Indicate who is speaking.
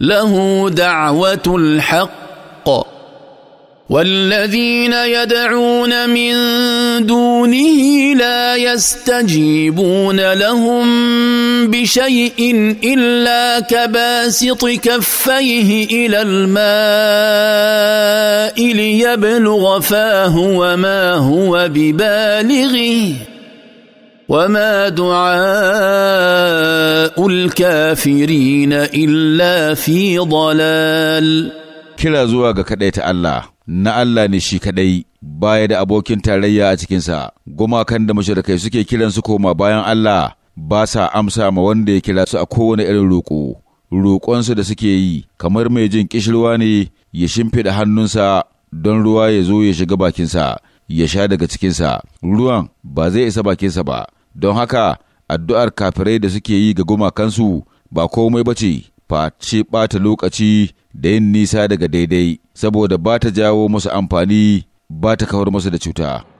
Speaker 1: له دعوة الحق والذين يدعون من دونه لا يستجيبون لهم بشيء إلا كباسط كفيه إلى الماء ليبلغ فاه وما هو ببالغه وما
Speaker 2: دعاء الكافرين إلا
Speaker 3: في ضلال kira zuwa ga kaɗai ta Allah, na Allah ne shi kaɗai, baya da abokin tarayya a cikinsa, gumakan da mashirkai suke kiran su koma bayan Allah ba sa amsa ma wanda ya kira su a kowane irin roƙo, roƙonsu da suke yi, kamar mai jin kishirwa ne ya shimfiɗa hannunsa don ruwa ya zo ya shiga bakinsa, ya sha daga cikinsa, ruwan ba zai isa bakinsa ba. don haka addu'ar kafirai da suke yi ga gumakansu ba komai ba ce, face ɓata lokaci da yin nisa daga daidai, saboda ba ta jawo masu amfani
Speaker 4: ba ta kawar musu da cuta.